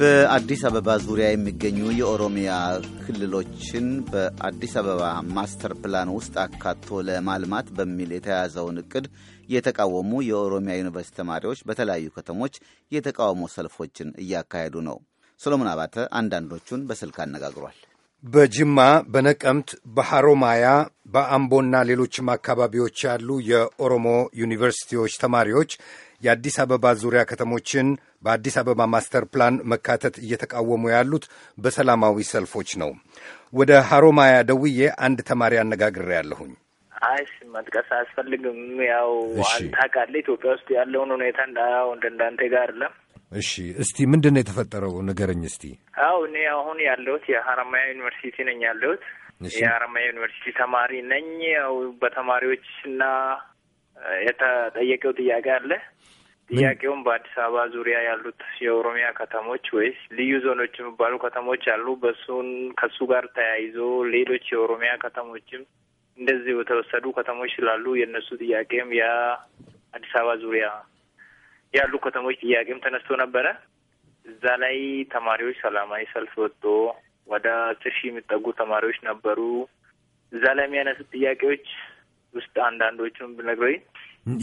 በአዲስ አበባ ዙሪያ የሚገኙ የኦሮሚያ ክልሎችን በአዲስ አበባ ማስተር ፕላን ውስጥ አካቶ ለማልማት በሚል የተያዘውን እቅድ የተቃወሙ የኦሮሚያ ዩኒቨርሲቲ ተማሪዎች በተለያዩ ከተሞች የተቃውሞ ሰልፎችን እያካሄዱ ነው። ሰሎሞን አባተ አንዳንዶቹን በስልክ አነጋግሯል። በጅማ በነቀምት በሐሮማያ በአምቦና ሌሎችም አካባቢዎች ያሉ የኦሮሞ ዩኒቨርሲቲዎች ተማሪዎች የአዲስ አበባ ዙሪያ ከተሞችን በአዲስ አበባ ማስተር ፕላን መካተት እየተቃወሙ ያሉት በሰላማዊ ሰልፎች ነው። ወደ ሐሮማያ ደውዬ አንድ ተማሪ አነጋግሬ ያለሁኝ። አይስ መጥቀስ አያስፈልግም። ያው አንታቃለ ኢትዮጵያ ውስጥ ያለውን ሁኔታ እንዳንተ ጋር አይደለም እሺ እስቲ ምንድን ነው የተፈጠረው ንገረኝ እስቲ። አው እኔ አሁን ያለሁት የሀረማያ ዩኒቨርሲቲ ነኝ ያለሁት የሀረማያ ዩኒቨርሲቲ ተማሪ ነኝ። ያው በተማሪዎች እና የተጠየቀው ጥያቄ አለ። ጥያቄውም በአዲስ አበባ ዙሪያ ያሉት የኦሮሚያ ከተሞች ወይስ ልዩ ዞኖች የሚባሉ ከተሞች አሉ። በሱን ከሱ ጋር ተያይዞ ሌሎች የኦሮሚያ ከተሞችም እንደዚሁ የተወሰዱ ከተሞች ስላሉ የእነሱ ጥያቄም የአዲስ አበባ ዙሪያ ያሉ ከተሞች ጥያቄም ተነስቶ ነበረ። እዛ ላይ ተማሪዎች ሰላማዊ ሰልፍ ወጥቶ ወደ አስር ሺህ የሚጠጉ ተማሪዎች ነበሩ። እዛ ላይ የሚያነሱት ጥያቄዎች ውስጥ አንዳንዶቹን ብነግረኝ።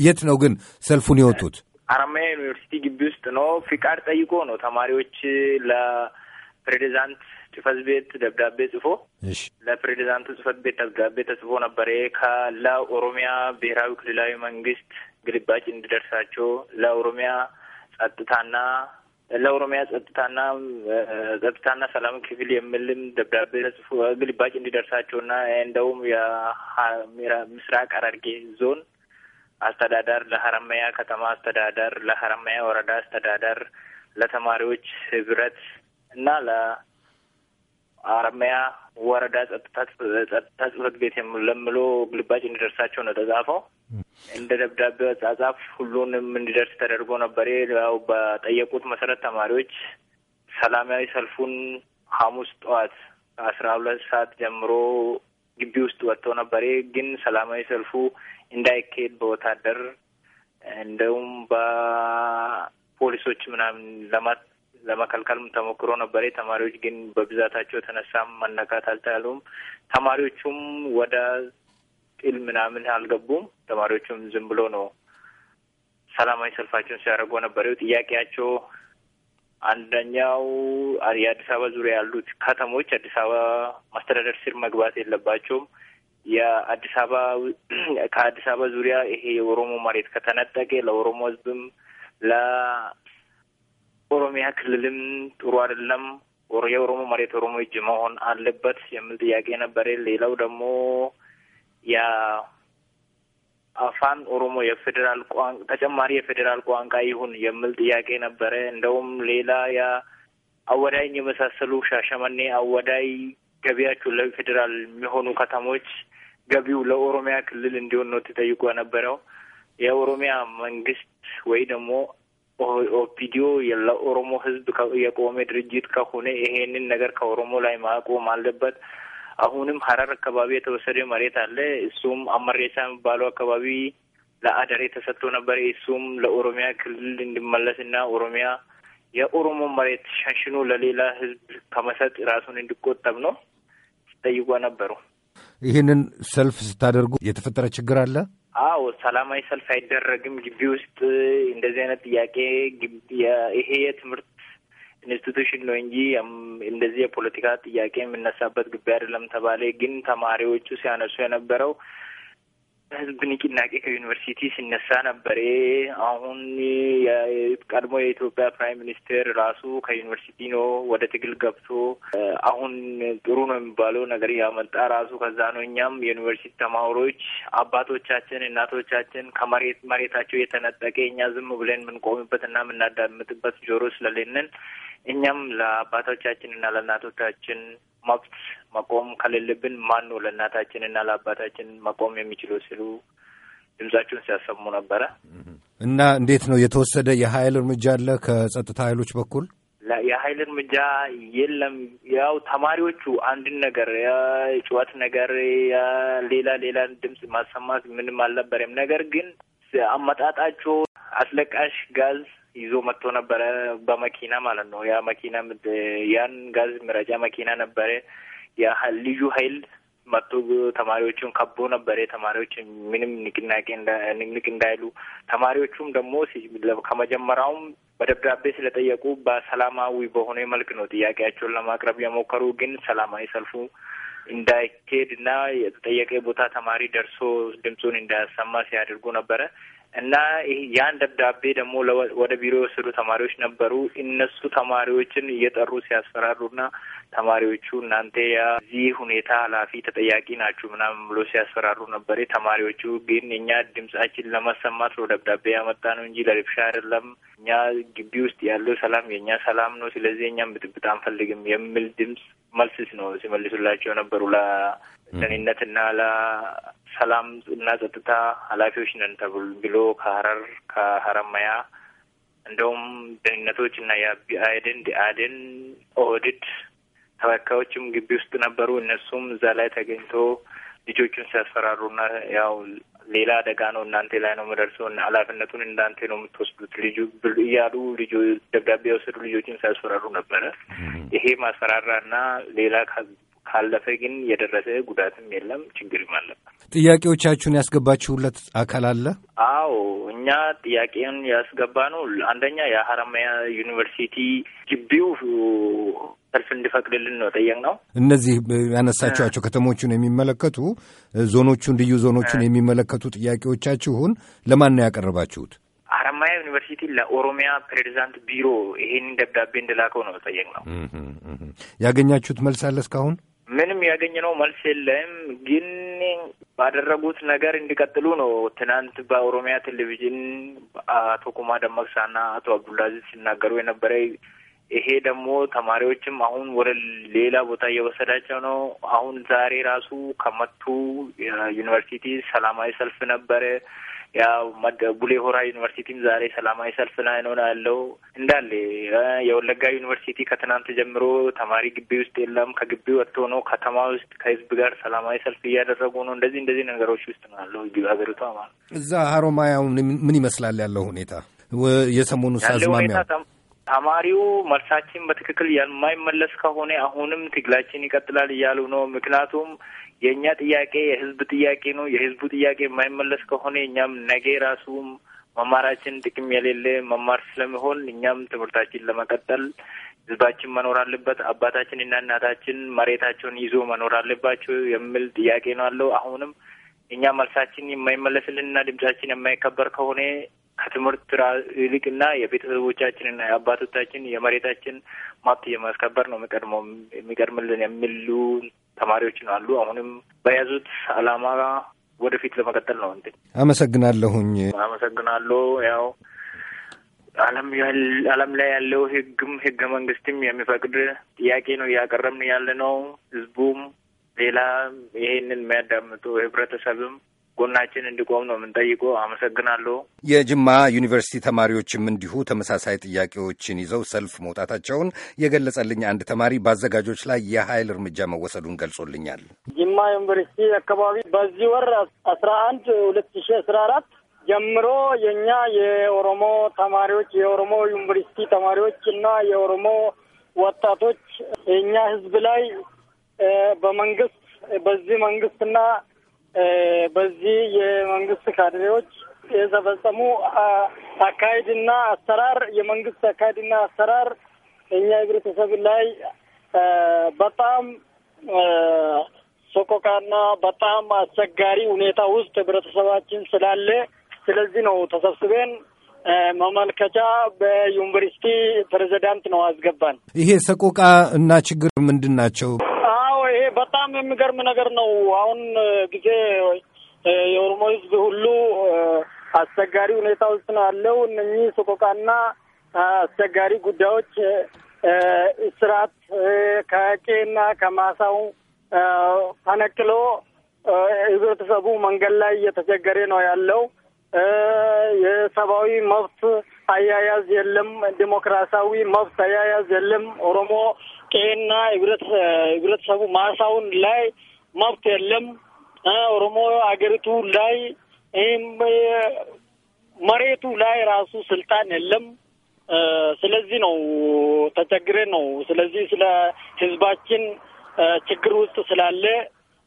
የት ነው ግን ሰልፉን የወጡት? አራማያ ዩኒቨርሲቲ ግቢ ውስጥ ነው። ፍቃድ ጠይቆ ነው ተማሪዎች ለፕሬዚዳንት ጽህፈት ቤት ደብዳቤ ጽፎ ለፕሬዚዳንቱ ጽህፈት ቤት ደብዳቤ ተጽፎ ነበር። ከለኦሮሚያ ብሔራዊ ክልላዊ መንግስት ግልባጭ እንዲደርሳቸው ለኦሮሚያ ጸጥታና ለኦሮሚያ ጸጥታና ጸጥታና ሰላም ክፍል የምልም ደብዳቤ ጽፎ ግልባጭ እንዲደርሳቸውና እንደውም የምስራቅ ሐረርጌ ዞን አስተዳደር ለሀረማያ ከተማ አስተዳደር፣ ለሀረማያ ወረዳ አስተዳደር፣ ለተማሪዎች ህብረት እና ለሀረማያ ወረዳ ጸጥታ ጽህፈት ቤት ለምሎ ግልባጭ እንዲደርሳቸው ነው ተጻፈው። እንደ ደብዳቤ አጻጻፍ ሁሉንም እንዲደርስ ተደርጎ ነበር። ያው በጠየቁት መሰረት ተማሪዎች ሰላማዊ ሰልፉን ሐሙስ ጠዋት ከአስራ ሁለት ሰዓት ጀምሮ ግቢ ውስጥ ወጥተው ነበር። ግን ሰላማዊ ሰልፉ እንዳይካሄድ በወታደር እንደውም በፖሊሶች ምናምን ለማት ለመከልከልም ተሞክሮ ነበር። ተማሪዎች ግን በብዛታቸው የተነሳ መነካት አልቻሉም። ተማሪዎቹም ወደ ጥል ምናምን አልገቡም። ተማሪዎቹም ዝም ብሎ ነው ሰላማዊ ሰልፋቸውን ሲያደርጉ ነበር። ጥያቄያቸው አንደኛው የአዲስ አበባ ዙሪያ ያሉት ከተሞች አዲስ አበባ ማስተዳደር ስር መግባት የለባቸውም። የአዲስ አበባ ከአዲስ አበባ ዙሪያ ይሄ የኦሮሞ መሬት ከተነጠቀ ለኦሮሞ ህዝብም ለኦሮሚያ ክልልም ጥሩ አይደለም። የኦሮሞ መሬት ኦሮሞ እጅ መሆን አለበት የሚል ጥያቄ ነበረ። ሌላው ደግሞ የአፋን ኦሮሞ የፌዴራል ቋንቋ ተጨማሪ የፌዴራል ቋንቋ ይሁን የሚል ጥያቄ ነበረ። እንደውም ሌላ የአወዳይን የመሳሰሉ ሻሸመኔ፣ አወዳይ ገቢያቸው ለፌዴራል የሚሆኑ ከተሞች ገቢው ለኦሮሚያ ክልል እንዲሆን ነው ተጠይቆ የነበረው። የኦሮሚያ መንግስት ወይ ደግሞ ኦፒዲዮ ለኦሮሞ ህዝብ የቆመ ድርጅት ከሆነ ይሄንን ነገር ከኦሮሞ ላይ ማቆም አለበት። አሁንም ሀረር አካባቢ የተወሰደ መሬት አለ። እሱም አመሬሳ የሚባለው አካባቢ ለአደሬ ተሰጥቶ ነበር። እሱም ለኦሮሚያ ክልል እንዲመለስ እና ኦሮሚያ የኦሮሞ መሬት ሸንሽኖ ለሌላ ህዝብ ከመሰጥ ራሱን እንዲቆጠብ ነው ሲጠይቋ ነበሩ። ይህንን ሰልፍ ስታደርጉ የተፈጠረ ችግር አለ? አዎ፣ ሰላማዊ ሰልፍ አይደረግም ግቢ ውስጥ እንደዚህ አይነት ጥያቄ ይሄ የትምህርት ኢንስቲቱሽን ነው እንጂ እንደዚህ የፖለቲካ ጥያቄ የምነሳበት ግቢ አይደለም ተባለ። ግን ተማሪዎቹ ሲያነሱ የነበረው ህዝብ ንቅናቄ ከዩኒቨርሲቲ ሲነሳ ነበር። አሁን ቀድሞ የኢትዮጵያ ፕራይም ሚኒስቴር ራሱ ከዩኒቨርሲቲ ነው ወደ ትግል ገብቶ አሁን ጥሩ ነው የሚባለው ነገር ያመጣ ራሱ ከዛ ነው። እኛም የዩኒቨርሲቲ ተማሪዎች አባቶቻችን፣ እናቶቻችን ከመሬት መሬታቸው የተነጠቀ እኛ ዝም ብለን የምንቆምበት እና የምናዳምጥበት ጆሮ ስለሌለን እኛም ለአባቶቻችንና ለእናቶቻችን መብት መቆም ከሌለብን ማን ነው እና ለአባታችን መቆም የሚችሉ ሲሉ ድምጻችሁን ሲያሰሙ ነበረ እና እንዴት ነው የተወሰደ የኃይል እርምጃ አለ ከጸጥታ ኃይሎች በኩል? የኃይል እርምጃ የለም። ያው ተማሪዎቹ አንድን ነገር የጭዋት ነገር ሌላ ሌላ ድምፅ ማሰማት ምንም አልነበረም። ነገር ግን አመጣጣቸው አስለቃሽ ጋዝ ይዞ መጥቶ ነበረ በመኪና ማለት ነው። ያ መኪና ያን ጋዝ መረጃ መኪና ነበረ። ልዩ ኃይል መጥቶ ተማሪዎቹን ከቦ ነበረ። ተማሪዎች ምንም ንቅናቄ ንቅንቅ እንዳይሉ ተማሪዎቹም ደግሞ ከመጀመሪያውም በደብዳቤ ስለጠየቁ በሰላማዊ በሆነ መልክ ነው ጥያቄያቸውን ለማቅረብ የሞከሩ ግን ሰላማዊ ሰልፉ እንዳይኬድ እና የተጠየቀ ቦታ ተማሪ ደርሶ ድምፁን እንዳያሰማ ሲያደርጉ ነበረ እና ያን ደብዳቤ ደግሞ ወደ ቢሮ የወሰዱ ተማሪዎች ነበሩ። እነሱ ተማሪዎችን እየጠሩ ሲያስፈራሩና ተማሪዎቹ እናንተ የዚህ ሁኔታ ኃላፊ ተጠያቂ ናችሁ ምናምን ብሎ ሲያስፈራሩ ነበር። ተማሪዎቹ ግን እኛ ድምጻችን ለማሰማት ነው ደብዳቤ ያመጣ ነው እንጂ ለርብሻ አይደለም። እኛ ግቢ ውስጥ ያለው ሰላም የእኛ ሰላም ነው። ስለዚህ እኛም ብጥብጥ አንፈልግም የሚል ድምጽ መልስስ ነው ሲመልሱላቸው የነበሩ ለደህንነትና ለሰላም እና ጸጥታ ኃላፊዎች ነን ተብሎ ከሀረር ከሀረማያ እንደውም ደህንነቶች እና የአብአዴን ዲአድን ኦህድድ ተወካዮችም ግቢ ውስጥ ነበሩ። እነሱም እዛ ላይ ተገኝቶ ልጆቹን ሲያስፈራሩና ያው ሌላ አደጋ ነው እናንተ ላይ ነው የምደርሰው እና ኃላፊነቱን እንዳንተ ነው የምትወስዱት ልጁ እያሉ ልጁ ደብዳቤ የወሰዱ ልጆችን ሲያስፈራሩ ነበረ። ይሄ እና ሌላ ካለፈ ግን የደረሰ ጉዳትም የለም ችግርም አለበት። ጥያቄዎቻችሁን ያስገባችሁለት አካል አለ? አዎ እኛ ጥያቄን ያስገባ ነው። አንደኛ የሀረማያ ዩኒቨርሲቲ ግቢው ሰልፍ እንዲፈቅድልን ነው ጠየቅነው። እነዚህ ያነሳችኋቸው ከተሞቹን የሚመለከቱ ዞኖቹን፣ ልዩ ዞኖቹን የሚመለከቱ ጥያቄዎቻችሁን ለማን ነው ያቀረባችሁት? ሐረማያ ዩኒቨርሲቲ ለኦሮሚያ ፕሬዚዳንት ቢሮ ይሄንን ደብዳቤ እንደላከው ነው ጠየቅነው። ያገኛችሁት መልስ አለ እስካሁን? ምንም ያገኘነው መልስ የለም። ግን ባደረጉት ነገር እንዲቀጥሉ ነው። ትናንት በኦሮሚያ ቴሌቪዥን አቶ ኩማ ደመቅሳና አቶ አብዱላዚዝ ሲናገሩ የነበረ ይሄ ደግሞ ተማሪዎችም አሁን ወደ ሌላ ቦታ እየወሰዳቸው ነው። አሁን ዛሬ ራሱ ከመቱ ዩኒቨርሲቲ ሰላማዊ ሰልፍ ነበረ። ያው ቡሌ ሆራ ዩኒቨርሲቲም ዛሬ ሰላማዊ ሰልፍ ላይ ነው ያለው እንዳለ። የወለጋ ዩኒቨርሲቲ ከትናንት ጀምሮ ተማሪ ግቢ ውስጥ የለም። ከግቢ ወጥቶ ነው ከተማ ውስጥ ከህዝብ ጋር ሰላማዊ ሰልፍ እያደረጉ ነው። እንደዚህ እንደዚህ ነገሮች ውስጥ ነው ያለው ሀገሪቷ ማለት እዛ ሀሮማያው ምን ይመስላል ያለው ሁኔታ የሰሞኑ ሳዝማሚያ ተማሪው መልሳችን በትክክል የማይመለስ ከሆነ አሁንም ትግላችን ይቀጥላል እያሉ ነው። ምክንያቱም የእኛ ጥያቄ የህዝብ ጥያቄ ነው። የህዝቡ ጥያቄ የማይመለስ ከሆነ እኛም ነገ ራሱ መማራችን ጥቅም የሌለ መማር ስለሚሆን እኛም ትምህርታችን ለመቀጠል ህዝባችን መኖር አለበት፣ አባታችን እና እናታችን መሬታቸውን ይዞ መኖር አለባቸው የሚል ጥያቄ ነው አለው። አሁንም እኛ መልሳችን የማይመለስልንና ድምጻችን የማይከበር ከሆነ ከትምህርት ይልቅና የቤተሰቦቻችንና የአባቶቻችን የመሬታችን ማብት የማስከበር ነው የሚቀድመው የሚቀድምልን የሚሉ ተማሪዎችን አሉ። አሁንም በያዙት አላማ ወደፊት ለመቀጠል ነው። እንትን አመሰግናለሁኝ። አመሰግናለሁ። ያው ዓለም ዓለም ላይ ያለው ህግም ህገ መንግስትም የሚፈቅድ ጥያቄ ነው እያቀረብን ያለ ነው። ህዝቡም ሌላ ይሄንን የሚያዳምጡ ህብረተሰብም ጎናችን እንዲቆም ነው የምንጠይቀው። አመሰግናለሁ። የጅማ ዩኒቨርሲቲ ተማሪዎችም እንዲሁ ተመሳሳይ ጥያቄዎችን ይዘው ሰልፍ መውጣታቸውን የገለጸልኝ አንድ ተማሪ በአዘጋጆች ላይ የኃይል እርምጃ መወሰዱን ገልጾልኛል። ጅማ ዩኒቨርሲቲ አካባቢ በዚህ ወር አስራ አንድ ሁለት ሺ አስራ አራት ጀምሮ የእኛ የኦሮሞ ተማሪዎች የኦሮሞ ዩኒቨርሲቲ ተማሪዎች እና የኦሮሞ ወጣቶች የእኛ ህዝብ ላይ በመንግስት በዚህ መንግስትና በዚህ የመንግስት ካድሬዎች የተፈጸሙ አካሄድና አሰራር የመንግስት አካሄድና አሰራር እኛ ህብረተሰብ ላይ በጣም ሶቆቃና በጣም አስቸጋሪ ሁኔታ ውስጥ ህብረተሰባችን ስላለ ስለዚህ ነው ተሰብስበን መመልከቻ በዩኒቨርሲቲ ፕሬዚዳንት ነው አስገባን። ይሄ ሰቆቃ እና ችግር ምንድን ናቸው? በጣም የሚገርም ነገር ነው። አሁን ጊዜ የኦሮሞ ህዝብ ሁሉ አስቸጋሪ ሁኔታ ውስጥ ነው ያለው። እነኚህ ሰቆቃና አስቸጋሪ ጉዳዮች እስራት ከቄና ከማሳው ተነቅሎ ህብረተሰቡ መንገድ ላይ እየተቸገረ ነው ያለው። የሰብአዊ መብት አያያዝ የለም፣ ዲሞክራሲያዊ መብት አያያዝ የለም። ኦሮሞ ቄና ህብረተሰቡ ማሳውን ላይ መብት የለም። ኦሮሞ አገሪቱ ላይ መሬቱ ላይ ራሱ ስልጣን የለም። ስለዚህ ነው ተቸግሬ ነው። ስለዚህ ስለ ህዝባችን ችግር ውስጥ ስላለ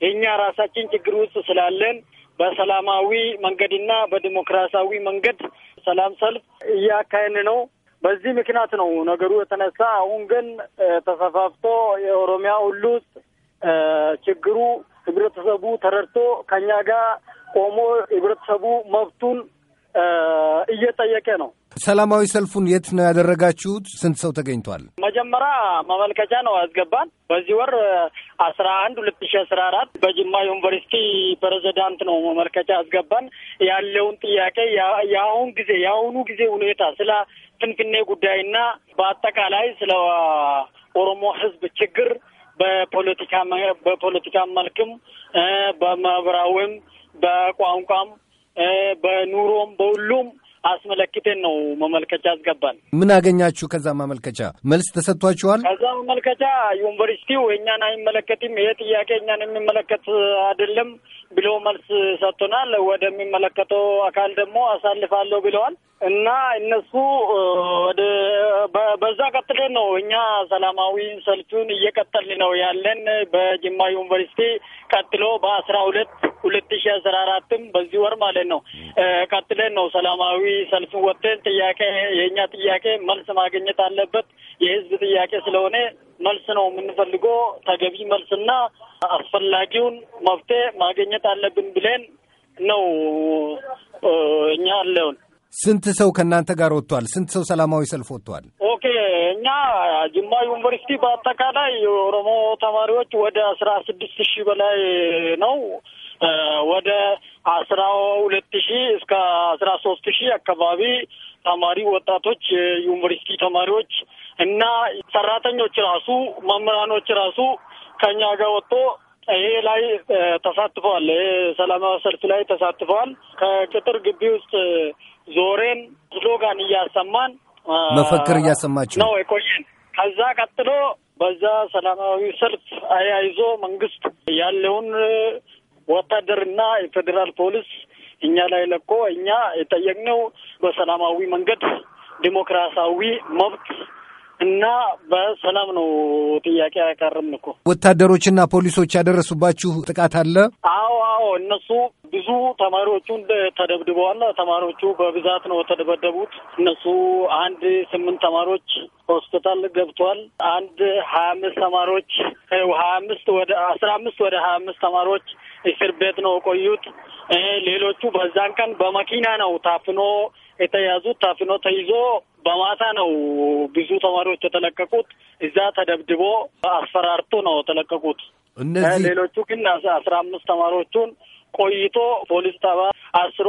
የእኛ ራሳችን ችግር ውስጥ ስላለን በሰላማዊ መንገድና በዲሞክራሲያዊ መንገድ ሰላም ሰልፍ እያካሄን ነው። በዚህ ምክንያት ነው ነገሩ የተነሳ። አሁን ግን ተሰፋፍቶ የኦሮሚያ ሁሉ ውስጥ ችግሩ ህብረተሰቡ ተረድቶ ከኛ ጋር ቆሞ ህብረተሰቡ መብቱን እየጠየቀ ነው። ሰላማዊ ሰልፉን የት ነው ያደረጋችሁት? ስንት ሰው ተገኝቷል? መጀመሪያ ማመልከቻ ነው ያስገባን። በዚህ ወር አስራ አንድ ሁለት ሺ አስራ አራት በጅማ ዩኒቨርሲቲ ፕሬዚዳንት ነው ማመልከቻ ያስገባን ያለውን ጥያቄ የአሁን ጊዜ የአሁኑ ጊዜ ሁኔታ ስለ ፍንፍኔ ጉዳይና በአጠቃላይ ስለ ኦሮሞ ህዝብ ችግር በፖለቲካ በፖለቲካ መልክም በማህበራዊም በቋንቋም በኑሮም በሁሉም አስመለክቴን ነው መመልከቻ አስገባን። ምን አገኛችሁ? ከዛ ማመልከቻ መልስ ተሰጥቷችኋል? ከዛ መመልከቻ ዩኒቨርሲቲው እኛን አይመለከትም፣ ይሄ ጥያቄ እኛን የሚመለከት አይደለም ብሎ መልስ ሰጥቶናል። ወደሚመለከተው አካል ደግሞ አሳልፋለሁ ብለዋል እና እነሱ በዛ ቀጥለን ነው እኛ ሰላማዊ ሰልፉን እየቀጠል ነው ያለን በጅማ ዩኒቨርሲቲ ቀጥሎ በአስራ ሁለት ሁለት ሺ አስራ አራትም በዚህ ወር ማለት ነው ቀጥለን ነው ሰላማዊ ሰልፍን ወጥተን ጥያቄ የእኛ ጥያቄ መልስ ማግኘት አለበት የህዝብ ጥያቄ ስለሆነ መልስ ነው የምንፈልገው። ተገቢ መልስና አስፈላጊውን መፍትሄ ማግኘት አለብን ብለን ነው እኛ አለውን። ስንት ሰው ከእናንተ ጋር ወጥቷል? ስንት ሰው ሰላማዊ ሰልፍ ወጥቷል? ኦኬ እኛ ጅማ ዩኒቨርሲቲ በአጠቃላይ የኦሮሞ ተማሪዎች ወደ አስራ ስድስት ሺህ በላይ ነው ወደ አስራ ሁለት ሺህ እስከ አስራ ሶስት ሺህ አካባቢ ተማሪ ወጣቶች ዩኒቨርሲቲ ተማሪዎች እና ሰራተኞች ራሱ መምህራኖች ራሱ ከኛ ጋር ወጥቶ ይሄ ላይ ተሳትፈዋል። ይሄ ሰላማዊ ሰልፍ ላይ ተሳትፈዋል። ከቅጥር ግቢ ውስጥ ዞሬን ስሎጋን እያሰማን መፈክር እያሰማችሁ ነው የቆየን። ከዛ ቀጥሎ በዛ ሰላማዊ ሰልፍ አያይዞ መንግስት ያለውን ወታደርና የፌዴራል ፖሊስ እኛ ላይ ለቆ እኛ የጠየቅነው በሰላማዊ መንገድ ዲሞክራሲያዊ መብት እና በሰላም ነው ጥያቄ አያቀርም እኮ ወታደሮችና ፖሊሶች ያደረሱባችሁ ጥቃት አለ? አዎ አዎ፣ እነሱ ብዙ ተማሪዎቹ ተደብድበዋል። ተማሪዎቹ በብዛት ነው የተደበደቡት። እነሱ አንድ ስምንት ተማሪዎች ሆስፒታል ገብተዋል። አንድ ሀያ አምስት ተማሪዎች ሀያ አምስት ወደ አስራ አምስት ወደ ሀያ አምስት ተማሪዎች እስር ቤት ነው ቆዩት። ሌሎቹ በዛን ቀን በመኪና ነው ታፍኖ የተያዙት ታፍኖ ተይዞ በማታ ነው ብዙ ተማሪዎች የተለቀቁት። እዛ ተደብድቦ አስፈራርቶ ነው የተለቀቁት። እነዚህ ሌሎቹ ግን አስራ አምስት ተማሪዎቹን ቆይቶ ፖሊስ ጠባ አስሮ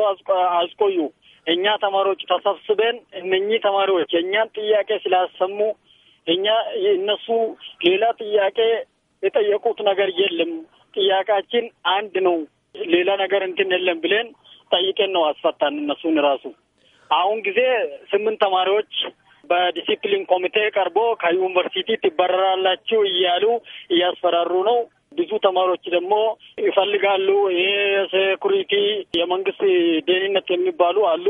አስቆዩ። እኛ ተማሪዎች ተሰብስበን እነኚህ ተማሪዎች የእኛን ጥያቄ ስላሰሙ እኛ እነሱ ሌላ ጥያቄ የጠየቁት ነገር የለም፣ ጥያቄያችን አንድ ነው፣ ሌላ ነገር እንትን የለም ብለን ጠይቀን ነው አስፈታን እነሱን ራሱ አሁን ጊዜ ስምንት ተማሪዎች በዲሲፕሊን ኮሚቴ ቀርቦ ከዩኒቨርሲቲ ትባረራላችሁ እያሉ እያስፈራሩ ነው። ብዙ ተማሪዎች ደግሞ ይፈልጋሉ። ይሄ ሴኩሪቲ የመንግስት ደህንነት የሚባሉ አሉ።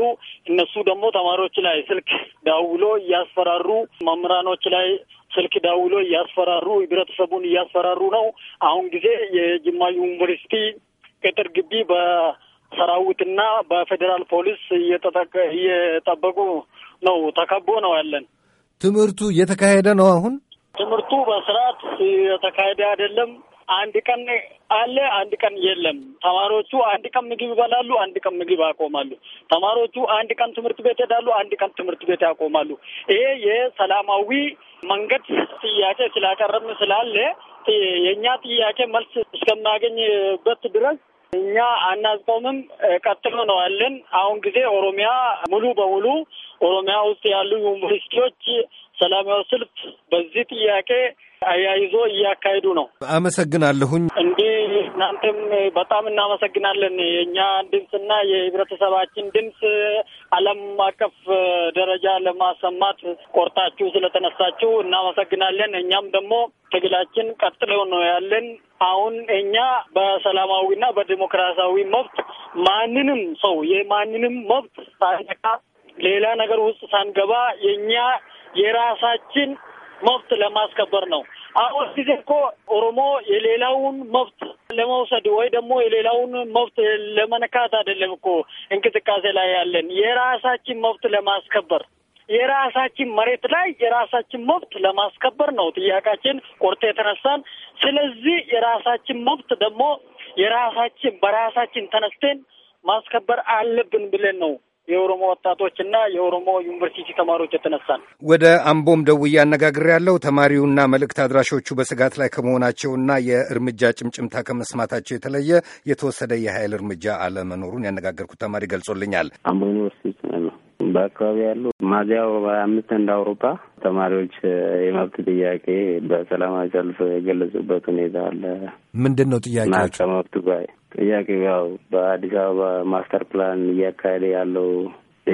እነሱ ደግሞ ተማሪዎች ላይ ስልክ ደውሎ እያስፈራሩ፣ መምህራኖች ላይ ስልክ ደውሎ እያስፈራሩ፣ ህብረተሰቡን እያስፈራሩ ነው። አሁን ጊዜ የጅማ ዩኒቨርሲቲ ቅጥር ግቢ በ ሰራዊትና በፌዴራል ፖሊስ እየጠበቁ ነው። ተከቦ ነው ያለን። ትምህርቱ እየተካሄደ ነው። አሁን ትምህርቱ በስርዓት እየተካሄደ አይደለም። አንድ ቀን አለ፣ አንድ ቀን የለም። ተማሪዎቹ አንድ ቀን ምግብ ይበላሉ፣ አንድ ቀን ምግብ ያቆማሉ። ተማሪዎቹ አንድ ቀን ትምህርት ቤት ሄዳሉ አንድ ቀን ትምህርት ቤት ያቆማሉ። ይሄ የሰላማዊ መንገድ ጥያቄ ስላቀረብን ስላለ የእኛ ጥያቄ መልስ እስከማገኝበት ድረስ እኛ አናስቆምም፣ ቀጥሎ ነው ያለን። አሁን ጊዜ ኦሮሚያ ሙሉ በሙሉ ኦሮሚያ ውስጥ ያሉ ዩኒቨርሲቲዎች ሰላማዊ ሰልፍ በዚህ ጥያቄ አያይዞ እያካሄዱ ነው። አመሰግናለሁኝ። እንዲህ እናንተም በጣም እናመሰግናለን። የእኛ ድምፅና የህብረተሰባችን ድምፅ ዓለም አቀፍ ደረጃ ለማሰማት ቆርጣችሁ ስለተነሳችሁ እናመሰግናለን። እኛም ደግሞ ትግላችን ቀጥለው ነው ያለን። አሁን እኛ በሰላማዊና በዲሞክራሲያዊ መብት ማንንም ሰው የማንንም መብት ሳይነካ ሌላ ነገር ውስጥ ሳንገባ የእኛ የራሳችን መብት ለማስከበር ነው። አሁን ጊዜ እኮ ኦሮሞ የሌላውን መብት ለመውሰድ ወይ ደግሞ የሌላውን መብት ለመነካት አይደለም እኮ እንቅስቃሴ ላይ ያለን የራሳችን መብት ለማስከበር የራሳችን መሬት ላይ የራሳችን መብት ለማስከበር ነው ጥያቄያችን ቆርጦ የተነሳን። ስለዚህ የራሳችን መብት ደግሞ የራሳችን በራሳችን ተነስተን ማስከበር አለብን ብለን ነው የኦሮሞ ወጣቶችና የኦሮሞ ዩኒቨርሲቲ ተማሪዎች የተነሳ ነው። ወደ አምቦም ደውዬ ያለው ተማሪውና መልእክት አድራሾቹ በስጋት ላይ ከመሆናቸውና የእርምጃ ጭምጭምታ ከመስማታቸው የተለየ የተወሰደ የኃይል እርምጃ አለመኖሩን ያነጋገርኩት ተማሪ ገልጾልኛል። አምቦ ዩኒቨርሲቲ በአካባቢ ያሉ ሚያዝያው በአምስት እንደ አውሮፓ ተማሪዎች የመብት ጥያቄ በሰላማዊ ሰልፍ የገለጹበት ሁኔታ አለ። ምንድን ነው ጥያቄዎች? ከመብቱ ጋር ጥያቄ ያው በአዲስ አበባ ማስተር ፕላን እያካሄደ ያለው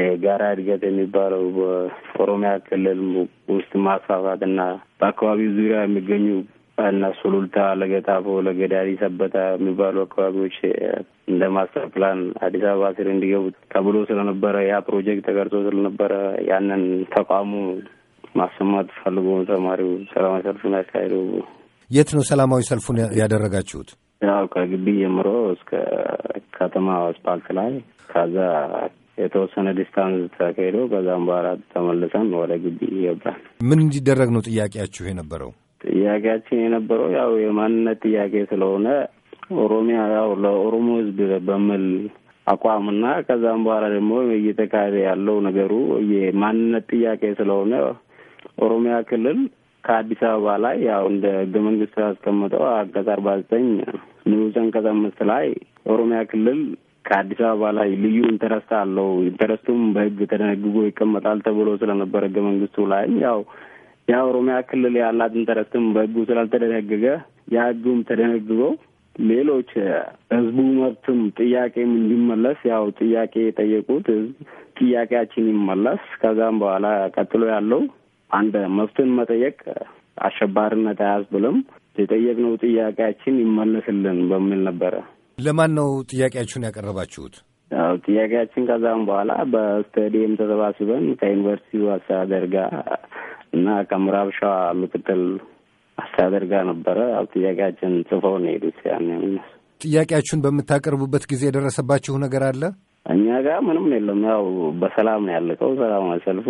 የጋራ እድገት የሚባለው በኦሮሚያ ክልል ውስጥ ማስፋፋት እና በአካባቢው ዙሪያ የሚገኙ እና ሱሉልታ፣ ለገጣፎ፣ ለገዳሪ፣ ሰበታ የሚባሉ አካባቢዎች እንደ ማስተር ፕላን አዲስ አበባ ስር እንዲገቡ ተብሎ ስለነበረ ያ ፕሮጀክት ተቀርጾ ስለነበረ ያንን ተቋሙ ማሰማት ፈልጎ ተማሪው ሰላማዊ ሰልፉን ያካሄዱ። የት ነው ሰላማዊ ሰልፉን ያደረጋችሁት? ያው ከግቢ ጀምሮ እስከ ከተማ አስፓልት ላይ ከዛ የተወሰነ ዲስታንስ ተካሄዶ ከዛም በኋላ ተመልሰን ወደ ግቢ ይገባል። ምን እንዲደረግ ነው ጥያቄያችሁ የነበረው? ጥያቄያችን የነበረው ያው የማንነት ጥያቄ ስለሆነ ኦሮሚያ ያው ለኦሮሞ ሕዝብ በሚል አቋምና ከዛም በኋላ ደግሞ እየተካሄደ ያለው ነገሩ የማንነት ጥያቄ ስለሆነ ኦሮሚያ ክልል ከአዲስ አበባ ላይ ያው እንደ ህገ መንግስት ያስቀምጠው አንቀጽ አርባ ዘጠኝ ንዑስ አንቀጽ አምስት ላይ ኦሮሚያ ክልል ከአዲስ አበባ ላይ ልዩ ኢንተረስት አለው ኢንተረስቱም በህግ ተደነግጎ ይቀመጣል ተብሎ ስለነበረ ህገ መንግስቱ ላይም ያው የኦሮሚያ ክልል ያላትን ተረትም በህጉ ስላልተደነገገ የህጉም ተደነግበው ሌሎች ህዝቡ መብትም ጥያቄም እንዲመለስ ያው ጥያቄ የጠየቁት ህዝብ ጥያቄያችን ይመለስ። ከዛም በኋላ ቀጥሎ ያለው አንድ መብትን መጠየቅ አሸባሪነት አያስብልም፣ የጠየቅነው ጥያቄያችን ይመለስልን በሚል ነበረ። ለማን ነው ጥያቄያችሁን ያቀረባችሁት? ያው ጥያቄያችን ከዛም በኋላ በስታዲየም ተሰባስበን ከዩኒቨርሲቲው አስተዳደር ጋር እና ከምዕራብ ሸዋ ምክትል አስተዳደር ጋር ነበረ። አብ ጥያቄያችን ጽፈው ነው ሄዱት። ያን ጥያቄያችሁን በምታቀርቡበት ጊዜ የደረሰባችሁ ነገር አለ? እኛ ጋር ምንም የለም። ያው በሰላም ነው ያለቀው፣ ሰላም አሰልፉ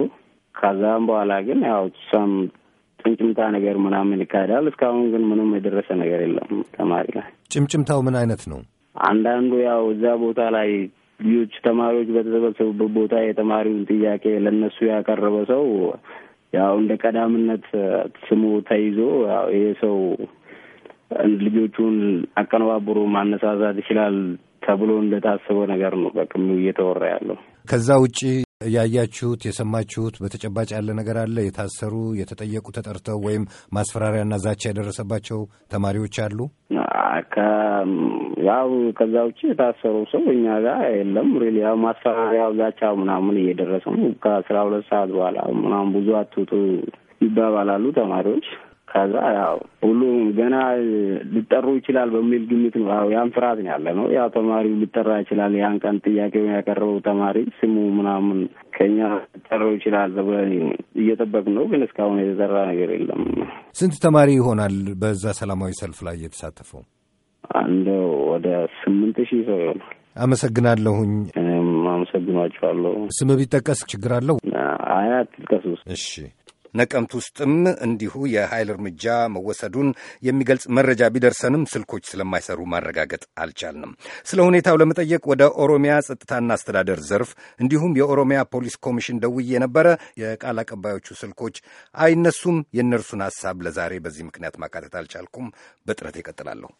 ከዛም በኋላ ግን ያው እሷም ጭምጭምታ ነገር ምናምን ይካሄዳል። እስካሁን ግን ምንም የደረሰ ነገር የለም ተማሪ ላይ። ጭምጭምታው ምን አይነት ነው? አንዳንዱ ያው እዛ ቦታ ላይ ልጆች ተማሪዎች በተሰበሰቡበት ቦታ የተማሪውን ጥያቄ ለእነሱ ያቀረበ ሰው ያው እንደ ቀዳምነት ስሙ ተይዞ ይሄ ሰው ልጆቹን አቀነባብሮ ማነሳሳት ይችላል ተብሎ እንደታሰበ ነገር ነው በቅም እየተወራ ያለው። ከዛ ውጪ ያያችሁት የሰማችሁት በተጨባጭ ያለ ነገር አለ? የታሰሩ የተጠየቁ ተጠርተው ወይም ማስፈራሪያና ዛቻ የደረሰባቸው ተማሪዎች አሉ? ያው ከዛ ውጭ የታሰሩ ሰው እኛ ጋር የለም። ሪል ያው ማስፈራሪያው ዛቻ ምናምን እየደረሰ ነው። ከአስራ ሁለት ሰዓት በኋላ ምናምን ብዙ አትውጡ ይባባላሉ ተማሪዎች ከዛ ያው ሁሉም ገና ሊጠሩ ይችላል በሚል ግምት ነው። ያው ያን ፍርሃት ነው ያለ ነው። ያው ተማሪው ሊጠራ ይችላል። ያን ቀን ጥያቄውን ያቀረበው ተማሪ ስሙ ምናምን ከኛ ሊጠራው ይችላል እየጠበቅ ነው። ግን እስካሁን የተጠራ ነገር የለም። ስንት ተማሪ ይሆናል በዛ ሰላማዊ ሰልፍ ላይ እየተሳተፈው? አንድ ወደ ስምንት ሺህ ሰው ይሆናል። አመሰግናለሁኝ። አመሰግናችኋለሁ። ስም ቢጠቀስ ችግር አለው? አያ አትጥቀሱ። እሺ። ነቀምት ውስጥም እንዲሁ የኃይል እርምጃ መወሰዱን የሚገልጽ መረጃ ቢደርሰንም ስልኮች ስለማይሰሩ ማረጋገጥ አልቻልንም። ስለ ሁኔታው ለመጠየቅ ወደ ኦሮሚያ ጸጥታና አስተዳደር ዘርፍ እንዲሁም የኦሮሚያ ፖሊስ ኮሚሽን ደውዬ ነበረ። የቃል አቀባዮቹ ስልኮች አይነሱም። የእነርሱን ሀሳብ ለዛሬ በዚህ ምክንያት ማካተት አልቻልኩም። በጥረት ይቀጥላለሁ።